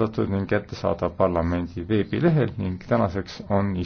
avaldatud ning kättesaadav parlamendi veebilehel ning tänaseks on istung